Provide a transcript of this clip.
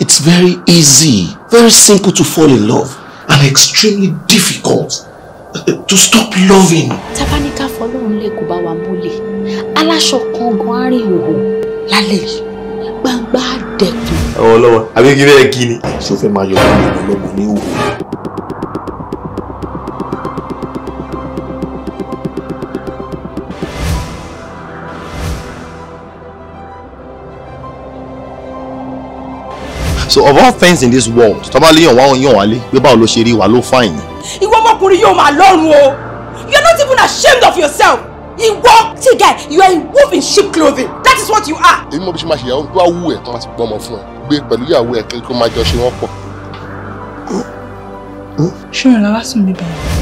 It's very easy, very simple to fall in love and extremely difficult eh, to stop loving. Tabanika follow. lè kuba bá wa mọ́lẹ̀. Aláṣọ kan gan arìn òhò lálẹ́ yìí. Gbangba dẹ̀kun. Ọ̀wọ́ lọ́wọ́, àbí kí I'm kí ni? Ṣé o fẹ́ máa so of all things in this world tọ́ba lè yàn wá yàn wá lé pé báwo ló ṣe rí wa ló fàìn ni. ìwọ ọmọkùnrin yóò máa lọ́rùn o you are not even ashamed of yourself ìwọ tí guy you are a wolf in sheep clothing that is what you are. èmi mọ̀ bí ṣe máa ṣe ìyàwó tó wá wù ẹ̀ tó máa ti gbọ́ ọmọ fún ẹ gbé e pẹ̀lú ìyàwó ẹ̀ kí n kó máa jọ ṣe wọ́n pọ̀. ṣé ìrànlọ́wọ́ sùn níbẹ̀?